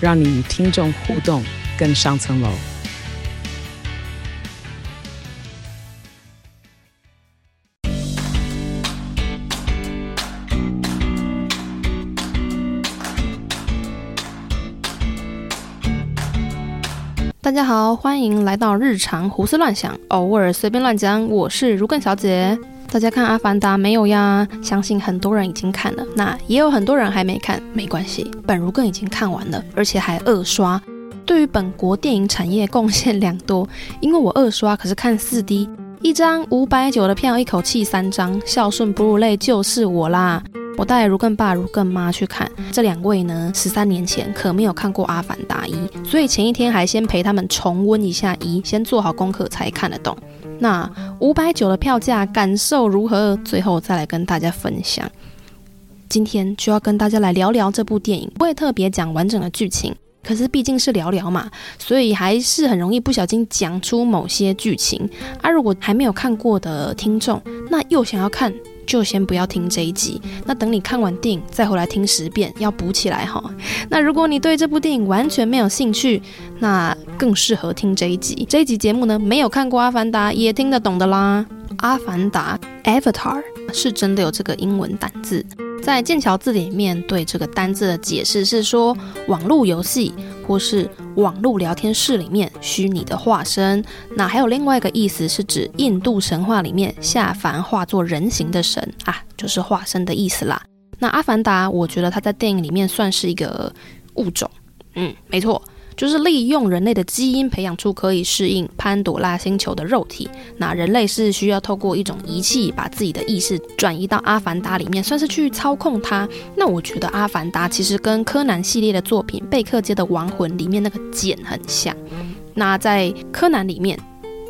讓你與聽眾互動更上層樓。大家好，歡迎來到日常胡思亂想，偶爾隨便亂講。我是儒艮小姐。大家看《阿凡達》沒有呀？相信很多人已經看了，那也有很多人還沒看，沒關係，本儒艮已經看完了，而且還二刷。對於本國電影產業貢獻良多，因為我二刷可是看 4D，一張五百九的票，一口氣三張，孝順哺乳類就是我啦！我帶儒艮爸儒艮媽去看，這兩位呢，十三年前可沒有看過《阿凡達》一，所以前一天還先陪他們重溫一下一，先做好功課才看得懂。那五百九的票價感受如何？最後再來跟大家分享。今天就要跟大家來聊聊這部電影，不會特別講完整的劇情，可是畢竟是聊聊嘛，所以還是很容易不小心講出某些劇情啊。如果還沒有看過的聽眾，那又想要看。就先不要聽這一集，那等你看完電影再回來聽十遍，要補起來哈。那如果你對這部電影完全沒有興趣，那更適合聽這一集。這一集節目呢，沒有看過《阿凡達》也聽得懂的啦，《阿凡達》（Avatar） 是真的有這個英文單字，在劍橋字典裡面對這個單字的解釋是說網絡遊戲或是網絡聊天室裡面虛擬的化身，那還有另外一個意思，是指印度神話裡面下凡化作人形的神啊，就是化身的意思啦。那阿凡達，我覺得他在電影裡面算是一個物種，嗯，沒錯。就是利用人類的基因培養出可以適應潘朵拉星球的肉體。那人類是需要透過一種儀器把自己的意識轉移到阿凡達裡面，算是去操控它。那我覺得阿凡達其實跟柯南系列的作品《貝克街的亡魂》裡面那個繭很像。那在柯南裡面，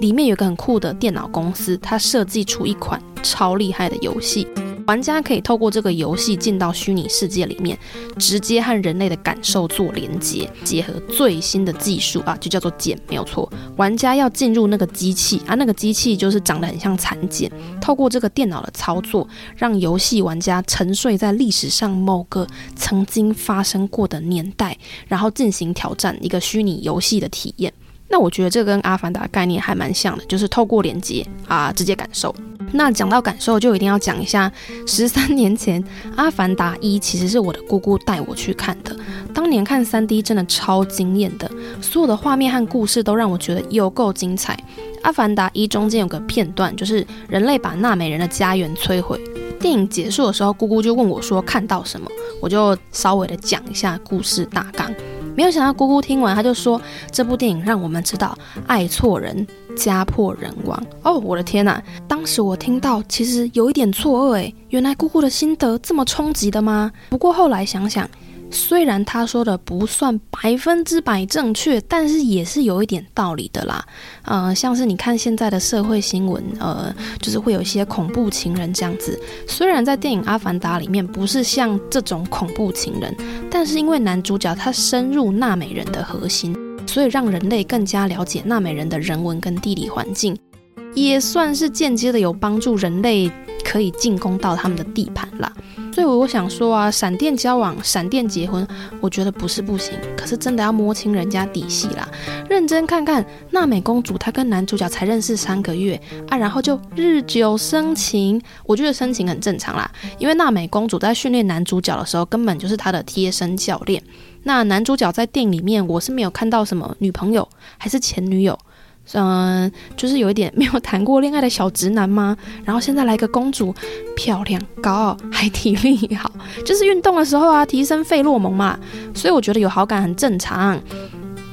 裡面有個很酷的電腦公司，它設計出一款超厲害的遊戲。玩家可以透過這個遊戲進到虛擬世界裡面，直接和人類的感受做連接，結合最新的技術啊，就叫做繭，沒有錯。玩家要進入那個機器啊，那個機器就是長得很像蠶繭。透過這個電腦的操作，讓遊戲玩家沉睡在歷史上某個曾經發生過的年代，然後進行挑戰一個虛擬遊戲的體驗。那我覺得這跟《阿凡達》概念還蠻像的，就是透過連接啊，直接感受。那講到感受，就一定要講一下。十三年前，《阿凡達一》其實是我的姑姑帶我去看的。當年看 3D 真的超驚艷的，所有的畫面和故事都讓我覺得有夠精彩。《阿凡達一》中間有個片段，就是人類把納美人的家園摧毀。電影結束的時候，姑姑就問我說：看到什麼？我就稍微的講一下故事大綱。沒有想到姑姑聽完，她就說：“這部電影讓我們知道，愛錯人，家破人亡。”哦，我的天哪！當時我聽到，其實有一點錯愕，哎，原來姑姑的心得這麼衝擊的嗎？不過後來想想。雖然他說的不算百分之百正確，但是也是有一點道理的啦。呃，像是你看現在的社會新聞，呃，就是會有一些恐怖情人這樣子。雖然在電影《阿凡達》裡面不是像這種恐怖情人，但是因為男主角他深入納美人的核心，所以讓人類更加了解納美人的人文跟地理環境，也算是間接的有幫助人類可以進攻到他們的地盤啦。所以我，我想說啊，閃電交往，閃電結婚，我覺得不是不行，可是真的要摸清人家底細啦，認真看看。納美公主她跟男主角才認識三個月啊，然後就日久生情，我覺得生情很正常啦，因為納美公主在訓練男主角的時候，根本就是他的貼身教練。那男主角在電影裡面，我是沒有看到什麼女朋友還是前女友。嗯，就是有一點沒有談過戀愛的小直男嗎？然後現在來個公主，漂亮、高傲，還體力好，就是運動的時候啊，提升費洛蒙嘛。所以我覺得有好感很正常。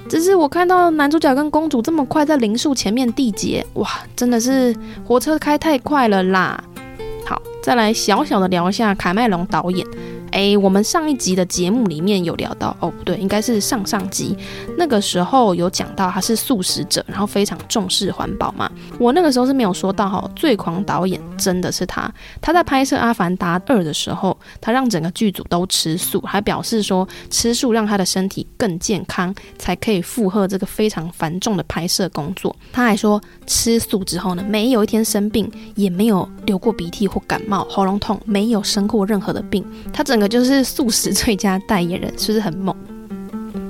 只是我看到男主角跟公主這麼快在靈樹前面締結，哇，真的是火車開太快了啦！好，再來小小的聊一下卡麥隆導演。誒，我們上一集的節目裡面有聊到，哦不對，應該是上上集，那個時候有講到他是素食者，然後非常重視環保嘛。我那個時候是沒有說到哈，最狂導演真的是他。他在拍攝《阿凡達二》的時候，他讓整個劇組都吃素，還表示說吃素讓他的身體更健康，才可以負荷這個非常繁重的拍攝工作。他還說吃素之後呢，沒有一天生病，也沒有流過鼻涕或感冒、喉嚨痛，沒有生過任何的病。他整個。就是素食最佳代言人，是不是很猛？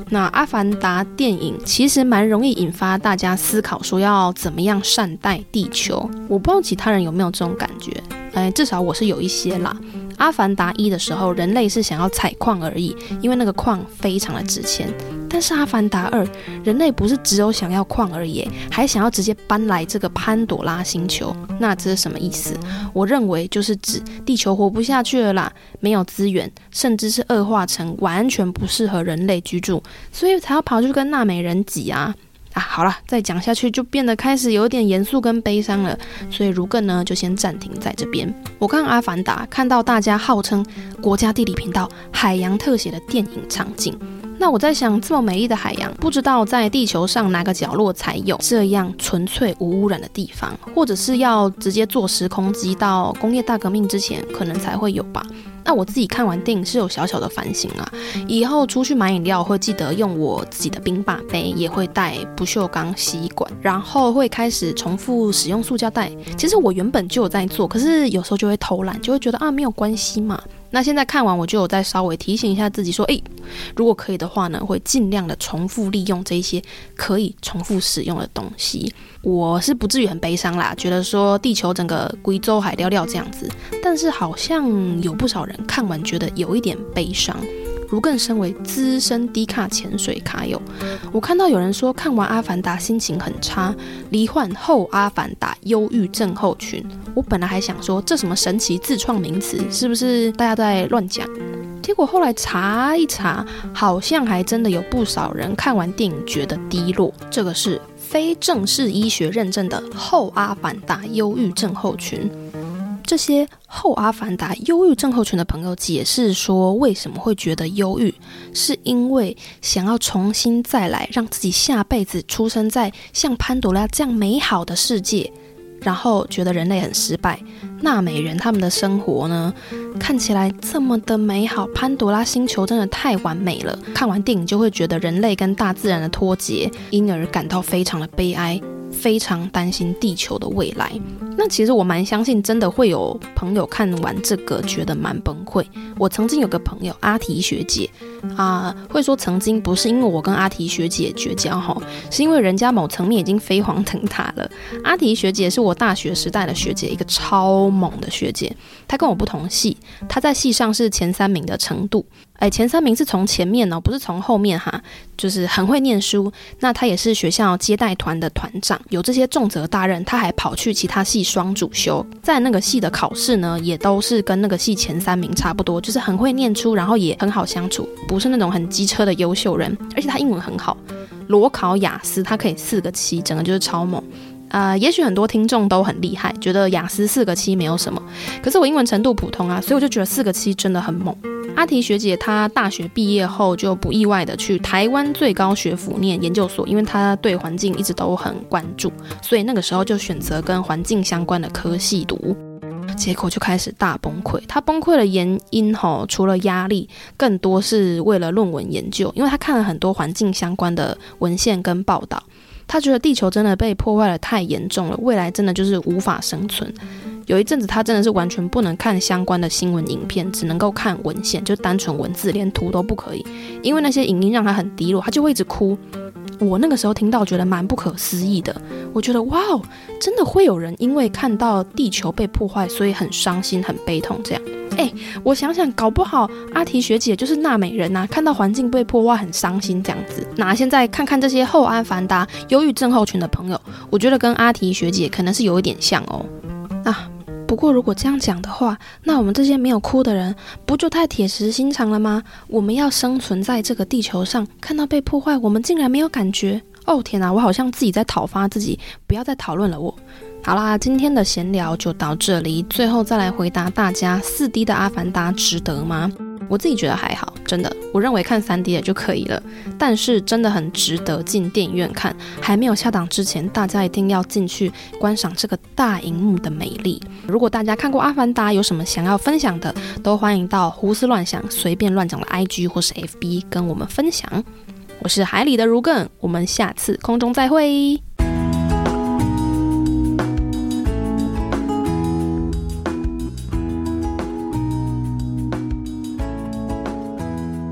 那《阿凡達》電影其實蠻容易引發大家思考，說要怎麼樣善待地球。我不知道其他人有沒有這種感覺，哎，至少我是有一些啦。《阿凡達》一的時候，人類是想要採礦而已，因為那個礦非常的值錢。但是《阿凡達二》，人類不是只有想要礦而已，還想要直接搬來這個潘朵拉星球，那這是什麼意思？我認為就是指地球活不下去了啦，沒有資源，甚至是惡化成完全不適合人類居住，所以才要跑去跟納美人擠啊啊！好了，再講下去就變得開始有點嚴肅跟悲傷了，所以儒艮呢就先暫停在這邊。我看《阿凡達》，看到大家號稱國家地理頻道海洋特寫的電影場景，那我在想，這麼美麗的海洋，不知道在地球上哪個角落才有這樣純粹無污染的地方，或者是要直接坐時空機到工業大革命之前，可能才會有吧？那我自己看完電影是有小小的反省啊，以後出去買飲料會記得用我自己的冰霸杯，也會帶不鏽鋼吸管，然後會開始重複使用塑膠袋。其實我原本就有在做，可是有時候就會偷懶，就會覺得啊，沒有關係嘛。那現在看完，我就有在稍微提醒一下自己說：誒，如果可以的話呢，會盡量的重複利用這些可以重複使用的東西。我是不至於很悲傷啦，覺得說地球整個規組害了了這樣子，但是好像有不少人看完覺得有一點悲傷。儒艮身為資深 D 卡潛水卡友，我看到有人說看完《阿凡達》心情很差，罹患後《阿凡達》憂鬱症候群。我本來還想說這什麼神奇自創名詞，是不是大家都在亂講？結果後來查一查，好像還真的有不少人看完電影覺得低落，這個是非正式醫學認證的後《阿凡達》憂鬱症候群。這些後《阿凡達》憂鬱症候群的朋友解釋說，為什麼會覺得憂鬱？是因為想要重新再來，讓自己下輩子出生在像潘朵拉這樣美好的世界，然後覺得人類很失敗。納美人他們的生活呢，看起來這麼的美好，潘朵拉星球真的太完美了。看完電影就會覺得人類跟大自然的脫節，因而感到非常的悲哀，非常擔心地球的未來。其實我蠻相信，真的會有朋友看完這個覺得蠻崩潰。我曾經有個朋友阿提學姐啊、呃，會說曾經不是因為我跟阿提學姐絕交哈、哦，是因為人家某層面已經飛黃騰達了。阿提學姐是我大學時代的學姐，一個超猛的學姐。她跟我不同系，她在系上是前三名的程度。哎，前三名是從前面哦，不是從後面哈，就是很會念書。那她也是學校接待團的團長，有這些重責大任，她還跑去其他系，雙主修，在那個系的考試呢，也都是跟那個系前三名差不多，就是很會念出，然後也很好相處，不是那種很機車的優秀人，而且他英文很好，裸考雅思他可以四個七，整個就是超猛。啊、呃，也許很多聽眾都很厲害，覺得雅思四個七沒有什麼，可是我英文程度普通啊，所以我就覺得四個七真的很猛。阿提學姐，她大學畢業後就不意外地去台灣最高學府念研究所，因為她對環境一直都很關注，所以那個時候就選擇跟環境相關的科系讀，結果就開始大崩潰。她崩潰的原因吼，除了壓力，更多是為了論文研究，因為她看了很多環境相關的文獻跟報道，她覺得地球真的被破壞得太嚴重了，未來真的就是無法生存。有一陣子，他真的是完全不能看相關的新聞影片，只能夠看文獻，就單純文字，連圖都不可以，因為那些影音讓他很低落，他就會一直哭。我那個時候聽到，覺得蠻不可思議的，我覺得哇哦，真的會有人因為看到地球被破壞，所以很傷心、很悲痛這樣。誒，我想想，搞不好阿提學姐就是納美人吶、啊，看到環境被破壞很傷心這樣子。那現在看看這些後阿凡達、啊、憂鬱症候群的朋友，我覺得跟阿提學姐可能是有一點像哦，那、啊。不過，如果這樣講的話，那我們這些沒有哭的人，不就太鐵石心腸了嗎？我們要生存在這個地球上，看到被破壞，我們竟然沒有感覺。哦，天哪、啊，我好像自己在討伐自己，不要再討論了我。我好啦，今天的閒聊就到這裡。最後再來回答大家，四 D 的阿凡達值得嗎？我自己覺得還好，真的，我認為看 3D 的就可以了。但是真的很值得進電影院看，還沒有下檔之前，大家一定要進去觀賞這個大熒幕的美麗。如果大家看過《阿凡達》，有什麼想要分享的，都歡迎到胡思亂想、隨便亂講的 IG 或是 FB 跟我們分享。我是海裡的儒艮，我們下次空中再會。